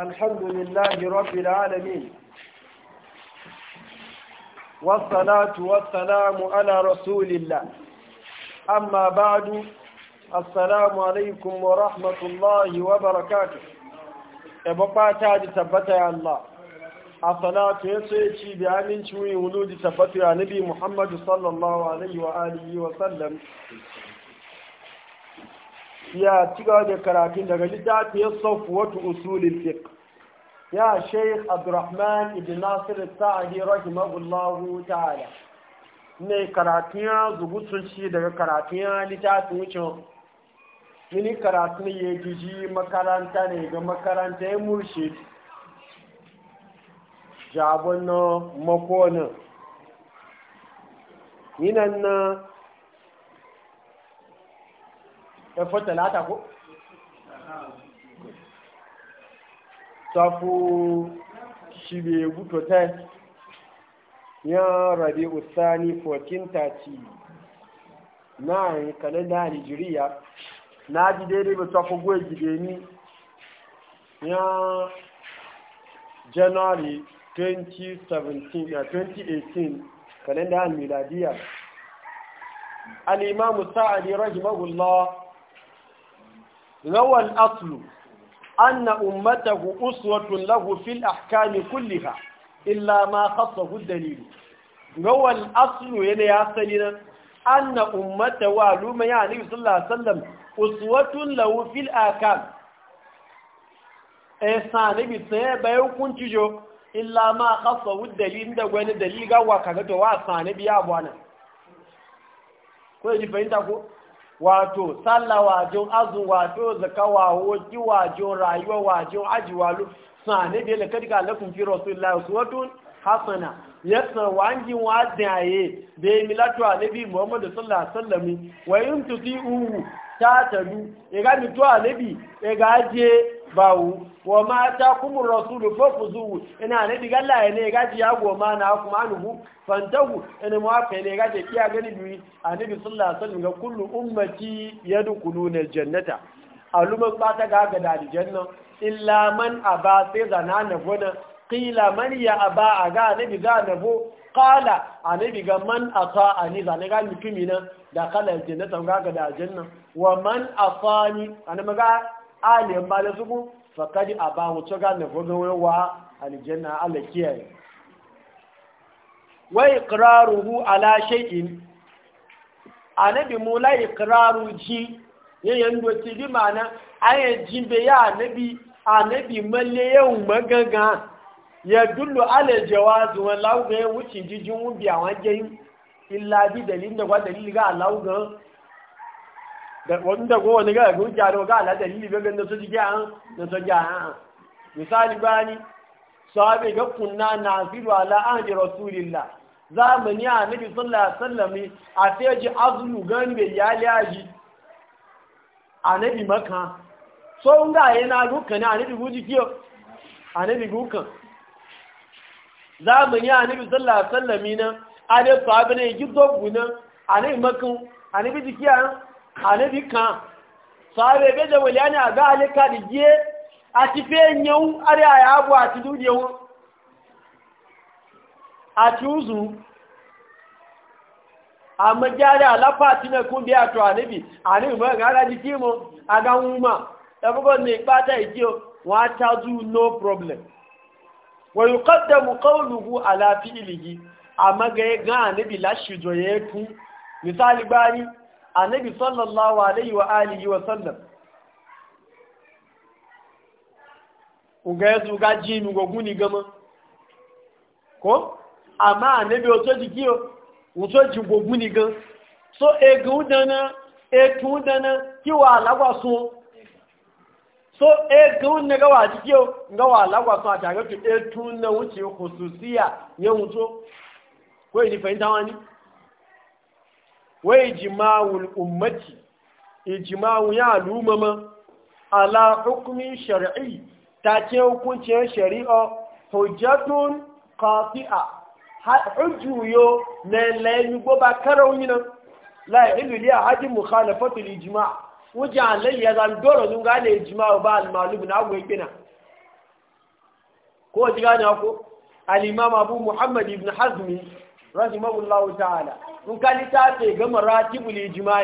الحمد لله رب العالمين والصلاة والسلام على رسول الله أما بعد السلام عليكم ورحمة الله وبركاته أبقى تاج ثبت يا الله الصلاة يسيتي بأمين شوي ولود ثبت يا نبي محمد صلى الله عليه وآله وسلم ya ci gaba da karatun daga littafi ya sofu wata usulin fiqh ya sheikh abdurrahman ibn nasir sa'adi rahimahullahu ta'ala ne karatun ya zubutun shi daga karatun ya littafin wucin yini karatun ya jiji makaranta ne ga makaranta ya murshid jabon makonin yinan na ẹ̀fọ́ tẹ̀láta kó safu shibe guto ta yan rabi usani 1430 na yi kalenda nigeria na ji daidai ba safu goyi gide ni Ya january 2017 2018 kalenda miladiya al-imamu sa'adi rahimahullah روى الأصل أن أمته أسوة له في الأحكام كلها إلا ما خصه الدليل روى الأصل يلي أصلنا أن أمته وعلوم يعني صلى الله عليه وسلم أسوة له في الأحكام إحسان بسيبا يكون تجو إلا ما خصه الدليل ده وين دليل قوة كغتوا وأحسان بيابوانا كل جفين تقول wato sallah wajen azun wato zaka wawo ki wajen rayuwa wajen ajiwalu sane da yalaka daga alakun fi rasulullahi suwatun hasana yasa wangi wadaye da ya milatu a nabi muhammadu sallallahu alaihi wasallam wa yin tuti uhu tatalu ega mitwale bi ga je bawu wa ma ta kuma rasulu fafuzuhu ina ne diga Allah ne ga ji ya ma na kuma anubu fantahu ina ma fa ne ga je kiya gani bi annabi sallallahu alaihi wasallam ga kullu ummati yadkhuluna aljannata Aluma ba ta ga ga janna illa man aba sai zana na gona qila man ya aba aga ne diga na bo qala alibi ga man ata ani zane ga mutumi na. da kala aljannata ga ga da aljanna wa man afani an maga aliyan ba da suku fakadi abahu to ga na gogo wa aljanna Allah kiyaye wa iqraruhu ala shay'in anabi mula iqraru ji yayin do ti bi mana jin be ya nabi anabi malle yau magaga ya dullu ala jawazu wa ga wuci jijin a awan yi. illa bi dalilin da wa dalili ga Allah ga da wanda go wani ga hujja da ga Allah dalili ga ganda su jige an da su ja misali bani sahabe ga kunna nafilu ala ahdi rasulillah zamani annabi sallallahu alaihi wasallam a teji azlu gani be yali aji annabi maka so nga yana dukkan annabi guji kiyo annabi gukan zamani annabi sallallahu alaihi wasallam ale fa bene gido guna ale makun ale bi dikiya ale bi kan sabe be da wali a ga ale ka di ati fe nyau are aya abu ati duje won ati uzu amma jare alafa ti na kun biya to anabi anabi ma ga raji ki mo aga huma da bugo ne pata iji o wa ta du no problem wa yuqaddamu qawluhu ala amma ga ya ga annabi lashi zoye tu misali bari annabi sallallahu alaihi wa alihi wa sallam uga ya zuga jini goguni gama ko amma annabi wato o wato ji gan so egun dana etun dana kiwa sun so na gawa sun a e na wuce wai ji fahimta wani wai jima'ul ummati ijma'u ya lumama ala hukumin shari'i ta ce hukuncin shari'a hujjatun qati'a hujjuyo na layin goba karauni nan la ilu li ahadin mukhalafatu ijma' wujan lai ya zan doro nun gane ijma' ba al na go kina ko ji gane ko al imam abu muhammad ibn hazmi رحم الله تعالى ان كان تاتي غم راتب الاجماع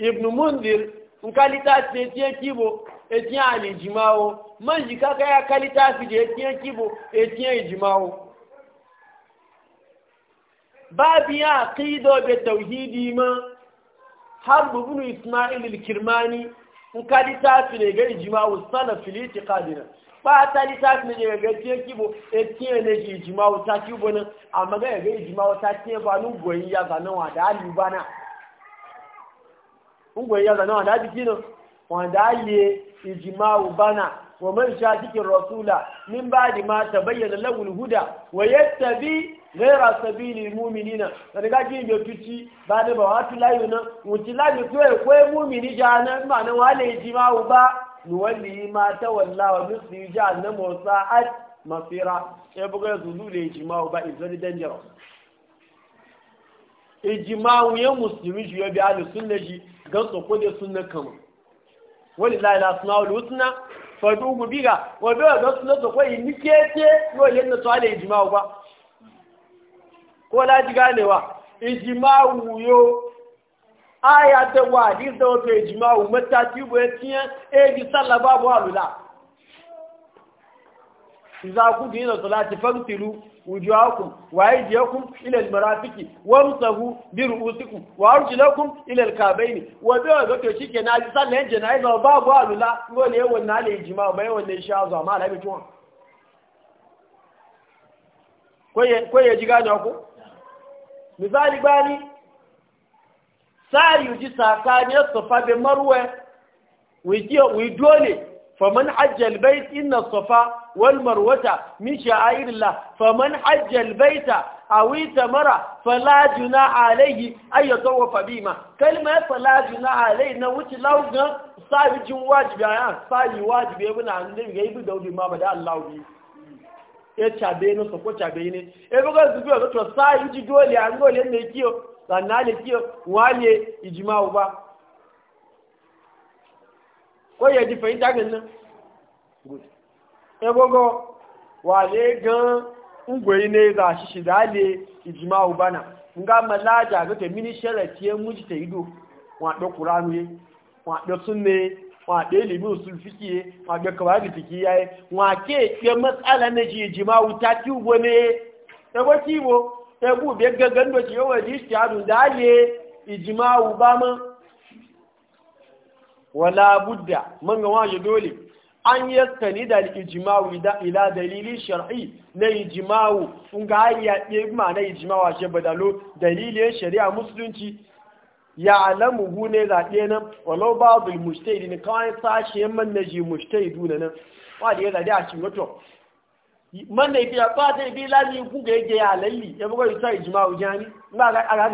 ابن منذر ان كان تاتي تيان كيبو اتيان الاجماع من جي كاكا يا كالتا في دي اتيان كيبو اتيان الاجماع باب يا قيدو بالتوحيد ما حرب ابن اسماعيل الكرماني ان كان تاتي غم اجماع السلف في الاعتقادنا pátá lítàkì méjì rẹ̀ gẹ́gẹ́ tí ó kíbo etí ẹ̀ lè ṣe ìjìmá ọ̀tá tí ó bọ́ náà àmọ́ gẹ́gẹ́ gẹ́gẹ́ ìjìmá ọ̀tá tí ẹ̀ bá ní ǹgbọ̀ yìí yàtọ̀ náà wà dáa lù bá náà ǹgbọ̀ yìí yàtọ̀ náà wà dáa bí kí nà wọ́n dáa yẹ ìjìmá ọ̀bá náà wọ́n mọ̀ di máa tàbáyẹ̀ lẹ́wùn húdà wọ́n yẹ tàbí rẹ́ra sàbí ni múmini náà sàdíkà kí ìjọ tuntun bá ní bàwá tún láyò náà wọ́n ti láyò tó ẹ̀kọ́ múmini jáná nígbà náà nuwalli ma ta walla wa nusli jahannam wa sa'at masira sai buga zulule ijma'u ba is very dangerous ijma'u ya muslimi shi ya bi ahli sunna shi ga soko da sunna kama walillahi la asma'ul husna fadu biga wa bi ga sunna soko yi nikete no na to ala ijma'u ba ko la ji ganewa ijma'u yo aya da wa hadis da wato ijma'u matati bo tiya e gi e, e sallah babu alula idza qudina salati fagtilu wujuhakum wa aydiyakum e ila almarafiqi wamsahu bi ru'usikum wa arjulakum ila alkabayn wa da wato shike na ji sallah jana'iza babu alula ngole yawan na le ijma'u bai wannan sha zuwa ma labi tuwa koye koye ji gane ku misali bani sayu ji sakaniyar safa bin marwa Wai dole faman hajjal bai inna sofa wal marwata mishi min sha'airillah faman hajjal baita aw itamara fala junaha alayhi ay yatawafa bima kalma fala junaha alayhi na wuce lauga sayu jin wajibi ayan sayu wajibi ibn annabi ga ibu daudi ma da Allah bi e chabe no so ko chabe ne e buga zubi o to sayu ji dole an gole ne kiyo sannan ale kiyo wale ijimawu ba ko ya di fahimta gan nan ebogo wale gan ungwai ne za shi shi dale ba na nga malaja ga te mini sharati ya muji ta ido wa do qur'anu ye wa do sunne wa do ilimi usul fikiye wa do kawai fikiye wa ke ke matsala ne ji ijma'u ta ki ti ubone ebo kibo ẹgbù bí gẹ́gẹ́ ló ti yóò wẹ̀dí ìṣẹ́dùn dáyé ìjìmá ba ma. Wala búdà man wọ́n yẹ dole an yi sani da ìjìmá ìlà dalili shari'i na ijimawu. wù nga ya ɗegma na ìjìmá wa badalo dalilin shari'a musulunci ya alamu gune zaɓe nan walau ba zai mushtai ne kawai sashe man na ji mushtai duna nan wadda ya zaɗe a cikin wato mọ́nà ìfi àpá àti ìbí láti ikú gẹ́gẹ́ àlẹ́ ya ẹgbẹ́gbẹ́ ìtọ́ ìjìmá òjá ní nígbà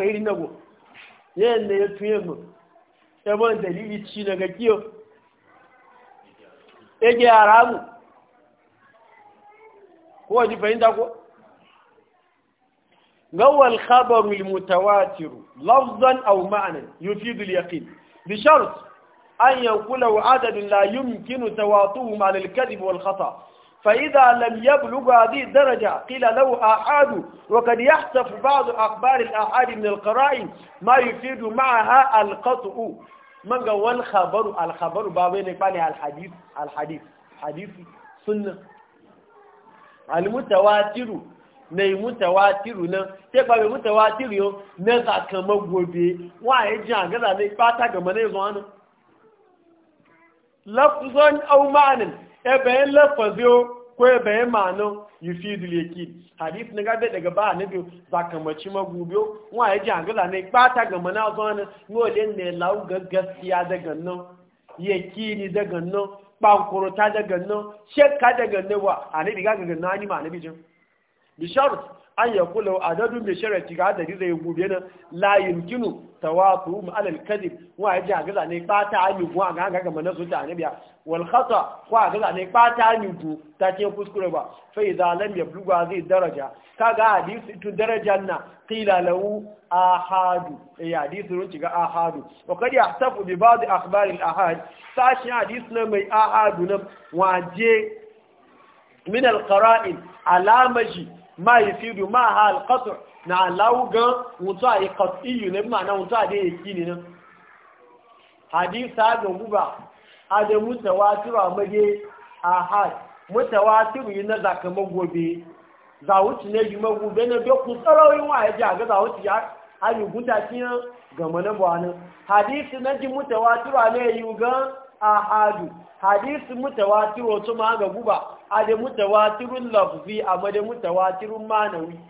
ìrìn náà wò yẹ́ ǹdẹ̀ ètò èmò ẹgbọ́n ìdẹ̀lì ìtì nàgà kí o ẹgẹ́ ara ramu gawal mutawatiru lafzan aw ma'anan yufidu al-yaqin bi shart an yakula wa adadin la yumkinu tawatuhum al-kadhib wal khata' فإذا لم يبلغ هذه الدرجة قيل له آحاد وقد يحتف بعض أخبار الآحاد من القرائن ما يفيد معها القطع من قال الخبر الخبر بابين يقال الحديث الحديث حديث سنة المتواتر ne mutawatiru nan te ba mutawatiru yo ne za kan magobe wa ya ji an gaza ne fata ga mana zo nan lafzon au ma'anin ebayin lafazi ko ebayin ma'anin yufidu leki hadith na gabe daga ba na biyu zakamaci magubiyo wa ya ji hangula ne bata ga mana zuwa na nole ne lau gaskiya daga nan yakini daga nan bankurota daga nan shekka daga nan wa a ne diga daga nan ni ma na bijin bishar an ya kula dadun bai sharati ga da zai gube na la yumkinu tawatu ma alal kadib wa ya ji hagaza ne bata ami ko ga ga ga manasu ta anabiya wal khata ko hagaza ne bata ami ko ta ce kuskure ba fa idza lam yabluga zai daraja Ka ga hadisi tu darajan na qila lahu ahadu ya eh, hadisi run ciga ahadu wa kad yahtafu bi ba'd akhbar al ahad sashi hadisi na mai ahadu na waje min al qara'in alamaji ma yi fidu ma ha alkatu na alawugan mutu a yi katsiyu na bima na mutu a dey eki kini nan hadisa ga guba a da mutawatir a mage a had mutawatir yi na zakaman za wuce ne yi magobe na bai ku tsarauyin wa ya ji a ga za wuce ya an yi guta ciyan ga mana buwanin hadisi na ji mutawa a ne yi gan ahadu hadisi mutawatir wato ma ga guba a da mutawatirun lafzi amma da mutawatirun manawi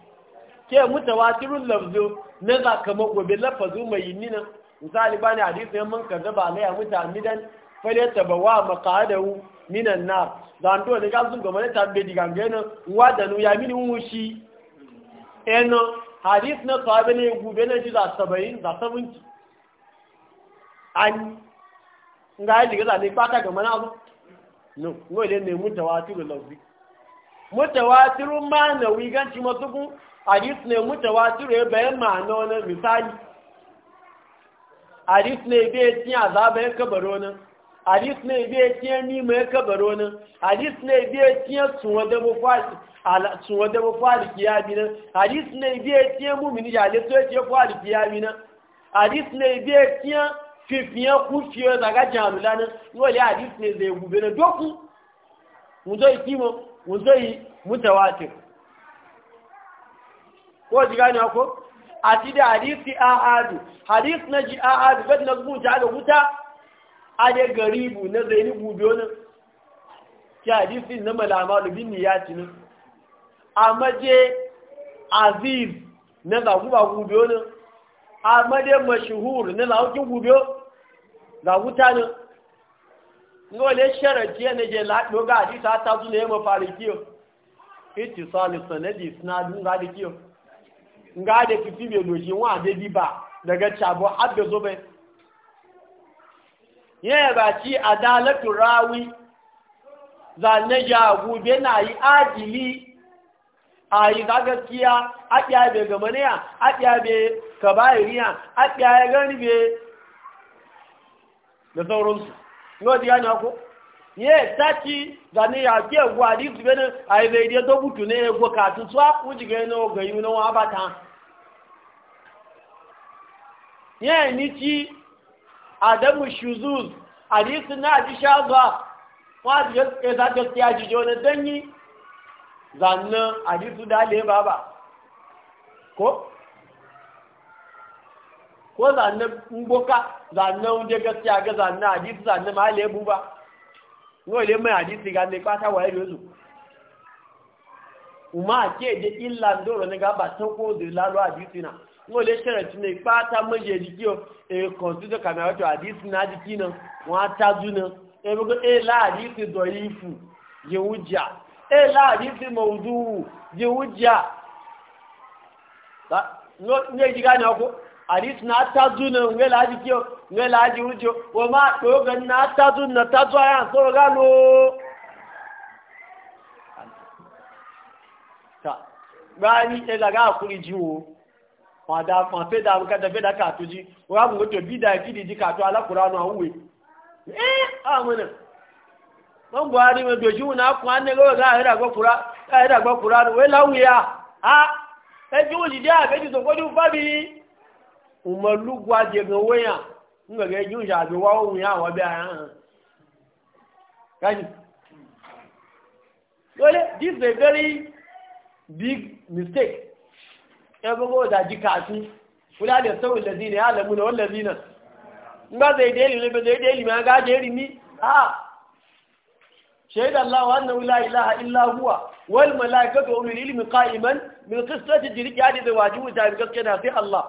ke mutawatirun lafzi na za ka magobe lafazu mai yi nina misali ba ne hadisi yan mun kaza ba ya muta midan ta ba wa makadawu minan na zanto da ga sun gaba na tambaye diganga yana wa da nu ya mini wushi eno hadis na sahabe ne gube na ji za 70 za 70 an nga yi shiga zane fata ga mana abu no ngo ile ne mutawatiru lafzi mutawatiru ma na wiganci masukun hadis ne mutawatiru ya bayan e ma'ana wani misali ne tiya ya e kabaro ne tiya nima e ya kabaro ne tiya da da ne tiya mumini ya ya fífìyàn kú fi ọ́ ìdàgájà àmì lánàá yóò lé àdìsí ẹ̀zẹ̀ doku. bẹ̀rẹ̀ zai mùtọ́ ìkímọ̀ mùtọ́ yìí mùtẹ̀wàtẹ̀ kó jí gani ọkọ́ àti dá àdìsí àádù àdìsí na jí àádù bẹ́ẹ̀ na gúnjẹ àdà wúta adé garibu na zai gube gùbí ọ́nà kí na malama lubin ni ya ci a maje aziz na zaguba gube ọ́nà amma dai mashuhur na laukin gobe ga mutanen shara sharaji ne je la ga hadisi ta zu ne mu farikiyo ittisal sanadi sanadun ga dikiyo nga da fiti bai doji wa da biba daga cabo har da zobe yaya ba ci adalatu rawi zanne ya gobe na yi adili a yi ga gaskiya a ɗaya bai gamaniya a ɗaya bai kabayiriya a ɗaya ya gani bai da sauransu yau da yana ko ye tati ni ya ke gwa di su bene a yi bai dai to butu ne gwa katun suwa wuji ga yana ga yi na wa bata ye ni ci adamu shuzuz a di su na ji sha zuwa wa ji e gaskiya ji jona danyi zannan hadisu dale ba ko ko zannan mboka zannan wunde gaskiya ga zannan hadisu zannan ma lebu ba yau le mai hadisi ga ne kwata waye yozu umma ke de illa ndoro ne ga ba tanko de lalo hadisi na yau le sharati ne kwata maje dikiyo e consider kamar wato hadisi na dikina wa ta juna e bugo e la hadisi doifu ye wujja eh la hadisi mawdu ji hujja ne ji gane ko hadisi na ta zuna ne la ji kiyo ne la ji hujjo wa ma to na ta zuna ta zo ya so ga fada da ka da ka tuji wa mu to bidai kidi ji ka to alqur'anu awwe eh amana wọn buhari mai doji wuna kun an ne gawa za a yi dagba kura da wai lawuya ha ẹjí wọ́n a àgbẹ́jì tó kọjú fábí umarlugwa jẹgbẹ̀ wọ́yà ń gẹ̀gẹ̀ jí ń ṣàbíwá ohun yà wọ́n bí ya hàn kájì lórí this is a very big mistake ẹgbẹ́ wọ́n dájí náà شهد الله أنه لا إله إلا هو والملائكة وأولو العلم قائما من قصة الجريك يعني ذواجه وتعب قد كان في الله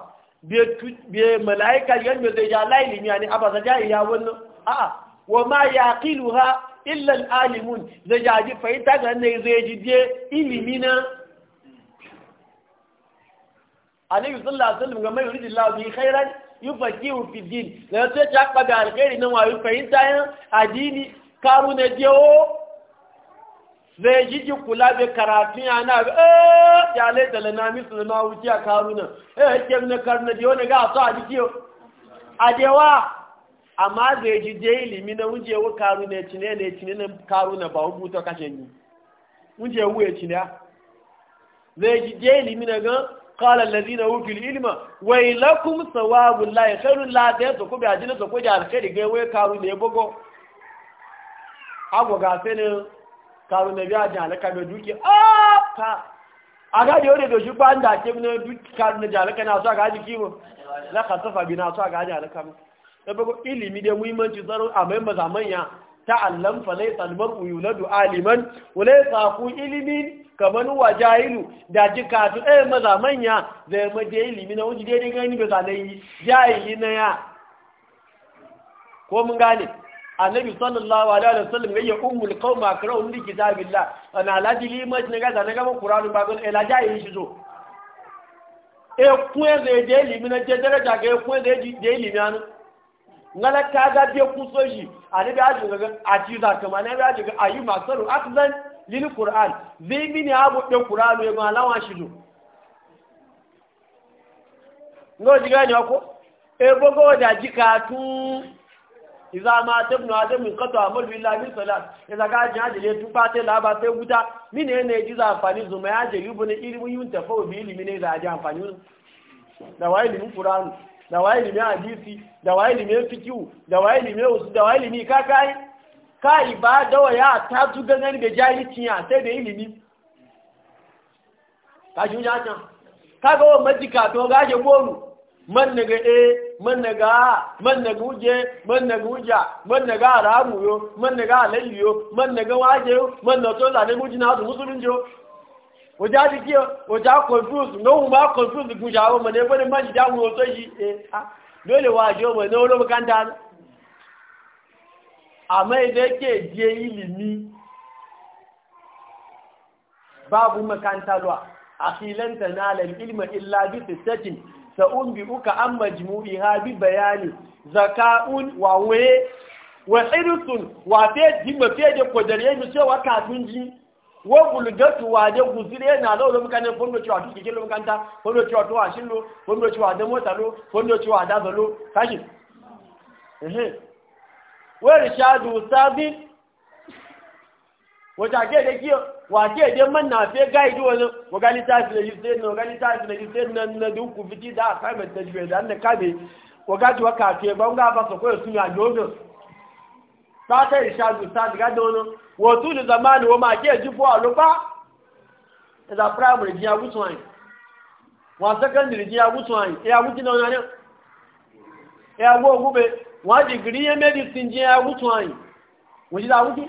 بملائكة ينمي زيجا لا يعني أبا زجاء يا ون آه وما يعقلها إلا العالمون زجاء جي فإنتاك أنه زيجي دي إلمنا عليه صلى الله عليه وسلم كما يريد الله به خيرا يفكيه في الدين لا تتعقب على الخير إنما يفهمتها الدين karu na jewo zai ji ji kula bai karatun ya na ga eh ya lai da lana misu da wuce a karu na eh ke na karu na jewo ne ga so a jiki a jewa amma zai ji je ilimi na wuce wa karu na cine ne, cine na karu na ba hubuta kashe ni wuje wuye cine zai ji je ilimi na ga qala allazina utul ilma wailakum sawabu llahi khairul la da to ko bi ajina to ko da alkhairi ga wai karu ne bugo. agwa gafe fenin karu na biya jihar alaka mai duki ka a gaji yau da doshi ba da ake na duki karu na jihar alaka na su a gaji kimo na kasafa bi na su e a gaji alaka mu na ilimi da muhimmanci tsaro a mai maza manya ta allan falai salmar uyuladu aliman wale saku ilimin kamar wa jahilu da katu ɗaya maza manya zai maje ilimi na wuce daidai gani bai zalayi jahili na ya ko mun gane annabi sallallahu alaihi wa sallam yayi ummul qauma qara'u min kitabillah ana ladi limaj ne gaza ne gaba qur'anu ba gon ela jaye shi zo e kun ze de limi na je daraja ga e kun de de limi anu ngala ka ga de ku so shi annabi ji ga a ji za kama ne ba ji ga ayu masaru akzan lil qur'an zai mini abu de qur'anu e ma lawa shi zo ngo ji ga ni ko e bogo da jika tun iza ma ta ibnu adam min qata amal billahi min salat iza ga ji ajele tu pate la ba sai wuta mine ne ji za amfani zuma ya je yubu ne ilimi yun tafa bi ilimi ne za ji amfani da wai ilimin qur'an da wai ilimin hadisi da wai ilimin fiqh da wai ilimin usul da wai ilimi ka kai ka ibada wa ya ta tu gangan be jahilci ya sai da ilimi ka ji ya ta ka ga wa majika to ga je gonu man ne ga eh man naga man uje man naga uja man naga haramu yo man naga alayyu yo man naga waje yo man na to zane muji na su musulunci yo wajen ji kiyo wajen confuse no ma confuse kun shawo ma ne bane man ja mu so shi eh dole waje ma ne wani makanta amma idan ke je ilimi babu makanta lo akhilanta na ilma illa bi sittatin sa'un bi uka an majmu'i ha bi bayani zaka'un wa waye wa hirsun wa fe jimma fe dare. kodare ce wa kafin ji wa bulgatu wa da guzire na lawo muka ne fondo cewa tuki kilo muka ta do cewa to ashin lo do cewa da mota lo do cewa da zalo kashi eh wa rishadu sabit wata ke da kiyo wace da man na fe wani wagali ta fi da na wagali ta fi da na na duk ku fiti da aka da da annaka kabe wagati waka fe ba nga ba so ko sun ya dogo ta ta isha du ta daga da wani wato da zamani wa ma ke ji fo alufa da primary ji ya ai wa secondary ji ya gutsu ai ya gutsu na wani ya gube wa medicine ji ya gutsu ai wani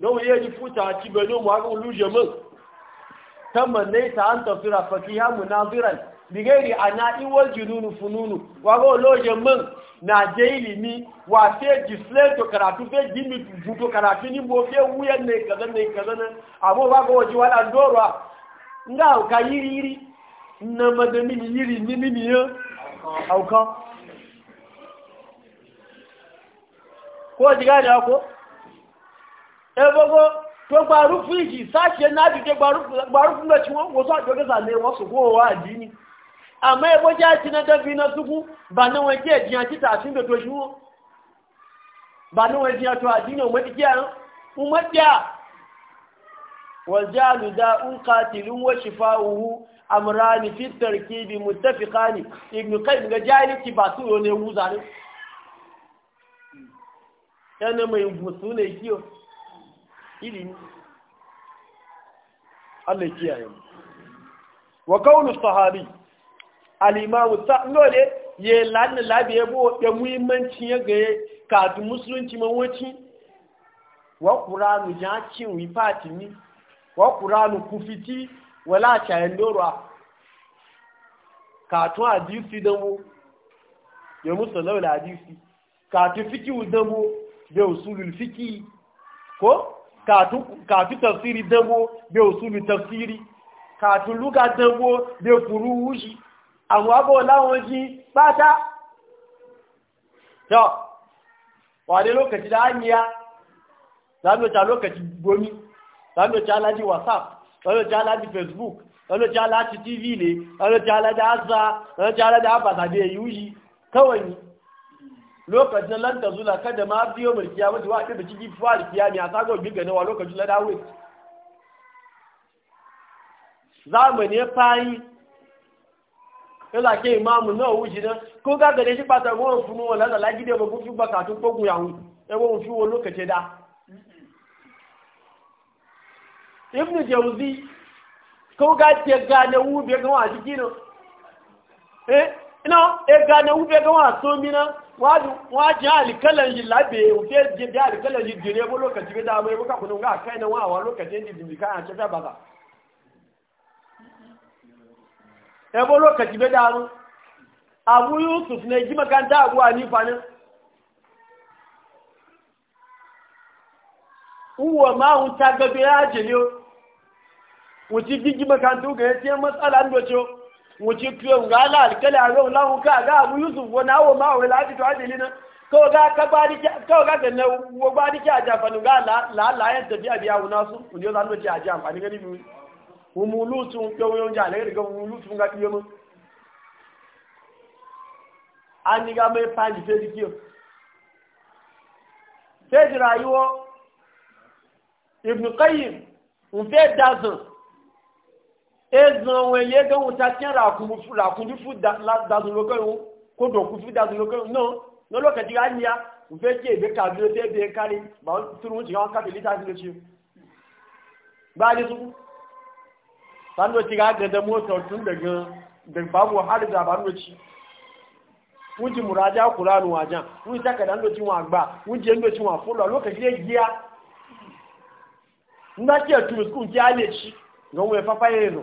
don ya yi futa a ci bani mu haka uluje um min tamannai ta an tafira fakiha munaziran bigari ana iwal e jununu fununu wa go um na je ilimi wa fe display karatu fe gimi to karatu ni bo fe wuya ne kaza ne kaza ne abo ba go ji wala ndorwa nga ka yiri yiri na madami ni yiri ni mini ya ko ko ẹgbogbo tó gbarú fún ìjì sáṣẹ́ náà dìde gbarú fún ẹ̀tí wọ́n wọ́n tó àjọ́gẹ́sà lè wọ́n sùgbó wà dì ní àmọ́ ẹgbó jẹ́ àti náà dẹ́bí iná súnkú bà ní wọn jẹ́ ìjìyàn títà sí ìgbètò ìṣúwọ́ bà ní wọ́n ṣìfà òhu amurani fi tarkibi mutafiqani ba su ne wuza ne yana ilimi Allah kiyaye mu wa kaunu sahabi al-imam sa'nole ye lan labi yabo da muhimmanci ya ga ka du musulunci mawaci wa qur'anu ci wi ni wa qur'anu kufiti wala cha endoro ka to hadisi dan mu ya musallau hadisi ka tu fiki dan mu da usulul fiki ko kàtú tafsiri dẹ́gbó bí òsúlù tafsiri kàtú lúgà dẹ́gbó bí fúrú wúṣì àwọn abọ́ láwọn jí pátá yọ wàdé lókàtí da ánìyà lámẹ́ta lókàtí gomi lámẹ́ta alájí whatsapp lámẹ́ta alájí facebook lámẹ́ta alájí tv lè lámẹ́ta alájí azza lámẹ́ta alájí abàtàdé yìí kawai lokacin lan ta zula kada ma biyo mulki ya mutu wa da ciki fari kiya ne a sago biga ne wa lokacin la dawo zamani fayi ila ke imamu na wuji na ko ga gare shi pata mo funu wala la la gide ba ku fi baka tun ko guya hu e wo fi wo lokaci da ibnu jawzi ko ga te ga na wu be ga wa jiki no eh no e eh, ga na wu be ga wa so mi na wọ́n jẹ́ àlìkẹ́lẹ̀ yìí lábẹ́ òkè jẹ́ àlìkẹ́lẹ̀ yìí dìrẹ́ mú lókàtí bí dáa mọ́ ẹgbẹ́ kàkùnú ń gáàkẹ́ ẹ̀nà wọn àwọn lókàtí ń dìdì ká àti ẹgbẹ́ bàbá ẹgbẹ́ lókàtí bí dáa mọ́ àbú yusuf ní ẹjí mẹ́kàntà àbú ànífàní wọ́n máa ń ta gbẹgbẹ́ o wuce fiye ga ala alkali a zau ga abu yusuf wani awo ma lafi to ajiyar lina kawai ga ka ga na wa ki a jafanu ga ya tafiya biya wuna su kun yau zanen ce a ji amfani gani biyu humulu sun yau ji alaƙar ga humulu ga fiye mun an ga mai fani fe jiki fe ibn un fe dazin ezan wọn ilé gan wọn ta tiẹ́ ràkúndú fún dazunlókè wọn kó dọ̀kú fún dazunlókè wọn náà lọ́lọ́kẹ̀ tí a ní ya nfẹ́ tí èbé kàdúró tẹ́ bẹ́ẹ̀ kárí bàá tún wọn jìgá wọn káfí lítà sí lóṣù gbáàdé tó sanu tí a gẹ̀dẹ̀ mọ́tò tún gbẹ̀gàn gbẹ̀gbà wọ hàrìdì àbánúwẹ̀tì wọn ti múra ajá kúrò àrùn àjà wọn ti tàkàdá ńlò tí wọn àgbà wọn jẹ ńlò tí wọn àfọlọ lọ́kẹ̀ tí a yíya ńlá tí ẹ̀ tún skul tí a lè ṣi gan wọn ẹ̀ fáfáyé nù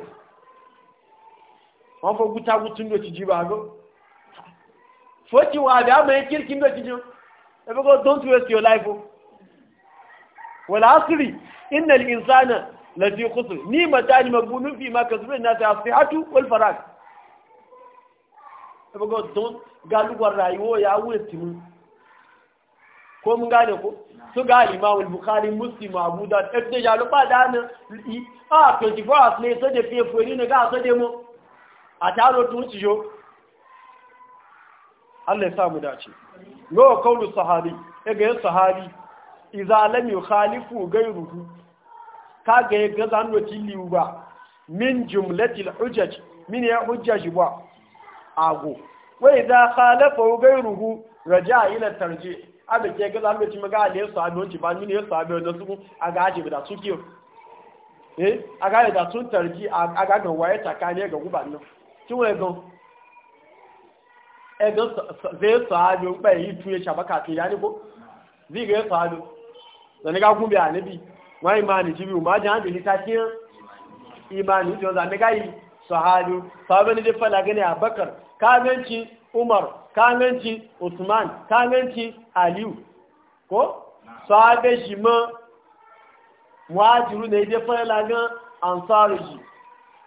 wọ́n fọ́ gútagútú ń dòtí jíba àgọ́ fọ́tí wà àbí àmọ́ ẹkìrìkì ń dòtí jọ ẹgbẹ́gbẹ́ don't waste your life wọ́n lásìrì inna insana lafi kusur ní mata ni magbunun fi ma kasurin na ta fi farak. wal farag ẹgbẹ́gbẹ́ don't galuwar rayuwa ya waste mu ko mun gane ko su ga imamu bukhari muslim abu da ɗaya ya lupa da na a 24 hours ne so da fiye fuyi ne ga so da mu a taro tuci yo Allah ya sa mu dace go kaulu sahabi ga yin sahabi idza lam ba min jumlatil hujaj min ya hujjaj ba ago wa idza khalafa ghayruhu raja ila tarjih abe ke gaza no sahabi ti ba min ya sahabi on aga aje da su eh? ga tí wọ́n ẹ̀gán ẹ̀gán zai sọ́hájú ń pẹ̀ yìí tún yẹ ṣàbákà kiri àníkó zai rẹ̀ sọ́hájú lọ́nìká gún bí àníbí wọ́n ìmáàni jíbi ìmáàjì àti ìlítà tí ń ìmáàni tí wọ́n zàmẹ́ká yìí sọ́hájú sọ́hájú dai fẹ́lá gani abakar umar káàmẹ́nci usman káàmẹ́nci aliyu ko sọ́hájú shi mọ́ muhajiru ne dai ansari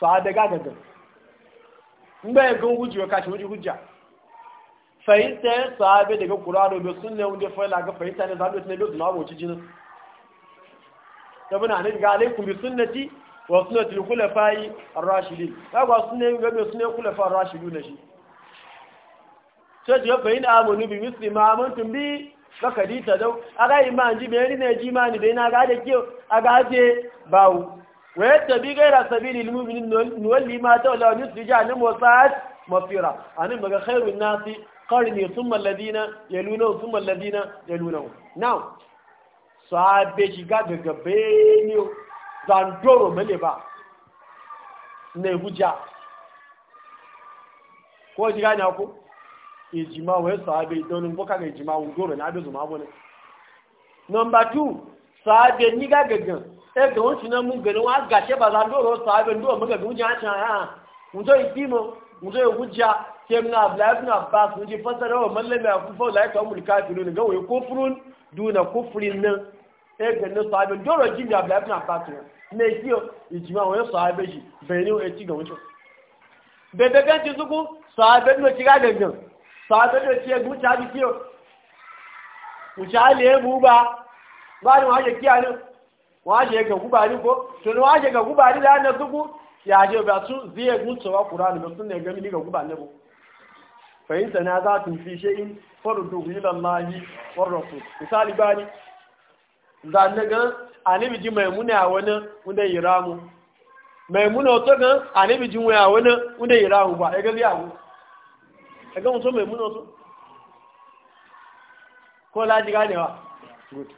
daga ga gaga ngba ya gun hujjo ka kashi hujjo hujja fahimta ya sahabe daga qur'ano be sunna wanda fa la ga fahimta ne zabi ne do na wuce jinin tabana ne ga alaikum bi sunnati wa sunnati al-khulafa'i ar-rashidin ga ga sunna ga be sunna khulafa ar na shi sai ya fahimta amanu bi misli ma amintun bi kaka dita dau aga iman ji be ni ne ji mani be na ga da kiyo aga je bawu. wayar da bi gaira sabi ne limomini nuwalli mata wala wani su jihar nan wasu mafira anan nan daga nasi kawai ne sun malladina ya luna sun malladina ya luna now su haɓe shi ga daga benio zandoro mele ba na ibuja ko shi gani ako ijima wayar su haɓe donin boka ga ijima wundoro na abin zuma abu ne number two su haɓe ni ga gaggan e ga won na mu ganin wa gashe ce ba za ndoro sa be ndo mu ga dunya cha ha mu zo ipimo mu zo hujja ke na abla ibn abbas mu ji fasara wa mallami a kufa la ka umul kafirun ga wai kufrun duna kufrin nan e ga na sa be ndoro jin ga abla ibn abbas ne kiyo ijma wa sa be ji be ni e ti ga won be be ga ti zuku sa be no ti ga da gan sa be no ti e gu ta di kiyo mu cha le mu ba ba ni wa je kiyo waje ga gubari ko tun waje ga gubari da na zugu ya je ba su zai gutsuwa Qur'ani ba sunne ga mini ga gubani ko fa in sana za tu fi shay'in fardu ila Allah war rasul misali bani da ne ga anabi ji maimuna wani wanda yiramu maimuna to ga anabi ji waya wani wanda yiramu ba ga ya wu ga mutum maimuna to ko laji ganewa good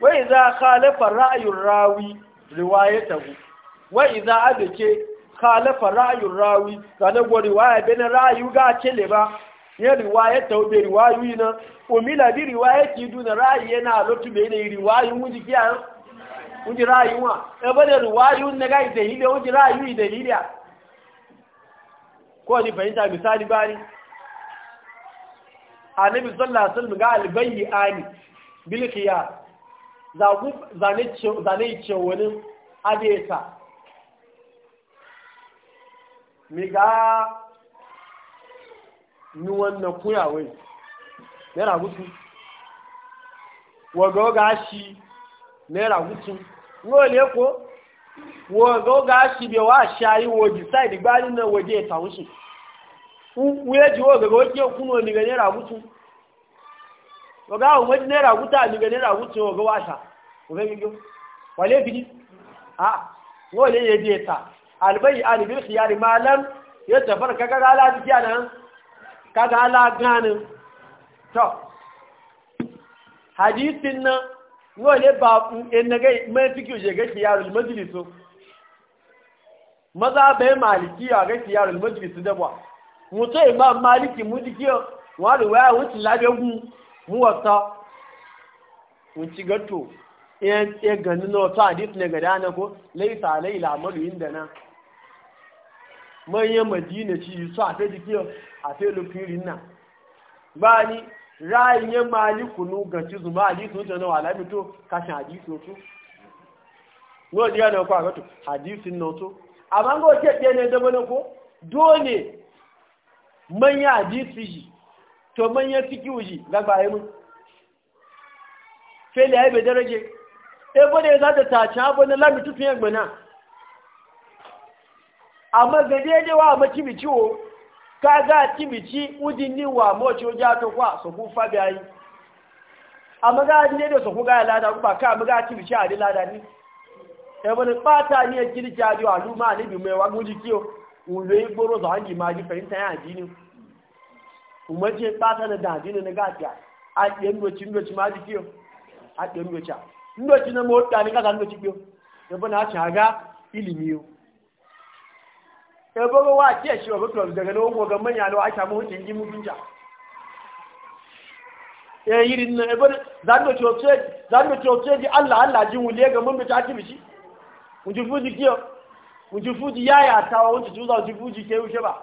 wai iza khalafa ra'ayun rawi riwayatahu wai iza adake khalafa ra'ayun rawi kana go riwaya na ra'yu ga cele ba ya riwayatahu be riwayu na umila bi riwayati duna ra'ayi yana lotu be ne riwayu muji kiya muji ra'yu wa e bane riwayu ne ga ita hile muji ra'yu ide hile ko ni fahimta misali bari annabi sallallahu alaihi wasallam ga albayyi ani bil qiyas zane ce wani adesa mi ga ni wannan kuyawai naira gutu wago gashi naira gutu ngole ko wago gashi be wa shayi wo decide gbalin na waje ta wuce wuye ji wo ga waje kuno ni ga naira gutu ọ̀gá àwọn ọmọdé náírà wúta àmìgẹ̀ náírà wúta ọgọ́ wá àṣà òfẹ́ gbígbó wà lé bí wọ́n ya yẹ di ẹ̀ta albayi alibir khiyari malam ya tafar kaga ala jiki a nan kaga ala ganin to hadisin nan wọ́n ba in na gai mai fi kyau ga khiyarul majalisu maza bai maliki a ga khiyarul majalisu dabwa mutum imam maliki mu jikiyo wani waya wucin labe gun muwasa wuci gato ya e, e gani na wata hadis ne gada na ko laisa alai lamaru inda na manyan madina ci su a fai jikiyar a fai lufirin nan ba ni ra'ayin yan maliku nu ga ci zuma hadisu ta wala alamito kashin hadisu su no diya na kwa gato hadisin na to amma ga wace ɗaya ne zama na ko dole manyan hadisi yi. to manyan fiki wuji ga ya mun fele ya bai daraje ebe da ya za ta tace abu na lami tufin yagba na amma gajeje wa ma kibici wo ka ga kibici udin ni wa mo ci oja to kwa so ku fa bi ayi amma ga ni da so ku ga lada ku ba ka mu ga kibici a di lada ni ebe ni pata ni e kirki a di wa lu ma ni bi me wa mu ji kiyo un le igboro za hanji ma ji fahimta ya ji ni ce ɓata na dajina na gafiya a ɗiyan doci doci ma ji fiyo a ɗiyan doci doci na mota ne kasa doci fiyo ya bana ci haga ilimi yo ya bana wa ke shi wa bukulas daga na wango ga manya na aka mu hutun gimu binja ya e, yi rinna ya e bana zan doci wace ji allah allah ji wule ga mun bita ake bishi mun ji fuji kiyo mun ji fuji yaya tawa ji fuji ke wuce ba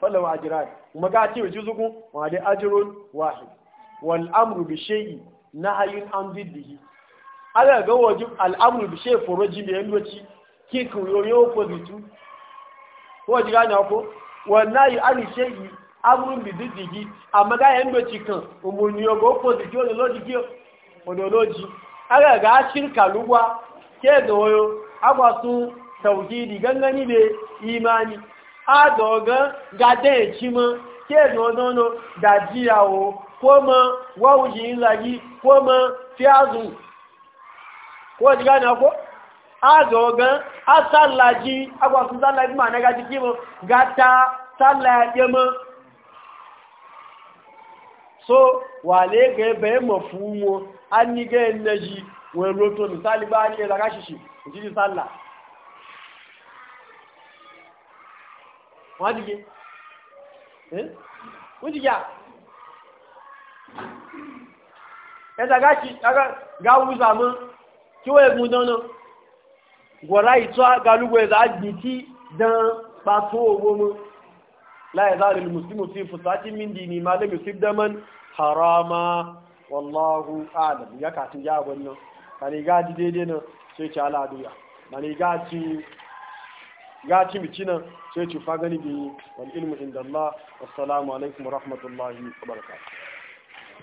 falon ajiran kuma ka ce wajen zukun wani ajirun wahi wal amru bi shayi na an ziddihi ala ga wajen al'amru bi shayi foro jibi yan doci ki kuyoyi ko jira na ko wannan yi an shayi amru bi amma ga kan adọ̀ọ̀gán gàdẹ́ ìchímọ́ kí ẹ̀dùn dàjíyàwó kó mọ́ wọ́wùjì ìlàyí kó mọ́ fíázù kó ti gá náà kó adọ̀ọ̀gán asálàjí agbàkùn sálàjí mà nẹ́gájí kí mọ́ gàtà mọ́ so wà mọ̀ fún wọn wọ́n ti gé wọ́n ti gé à ẹ̀ta gáàkì gáwúzà mọ́ kí wọ́n ẹ̀gùn dáná za ìtọ́ galúgbọ̀ ẹ̀dà gbìtí dán pàtó owó mọ́ láìsá rẹ̀ mùsùlùmù sí ma harama wallahu alam ya kàtí ya wannan na ni daidai na sai ci ala duya na ni gaji ga ci bici nan sai ci gani bi wal ilmu inda Allah wassalamu alaikum wa rahmatullahi wa barakatuh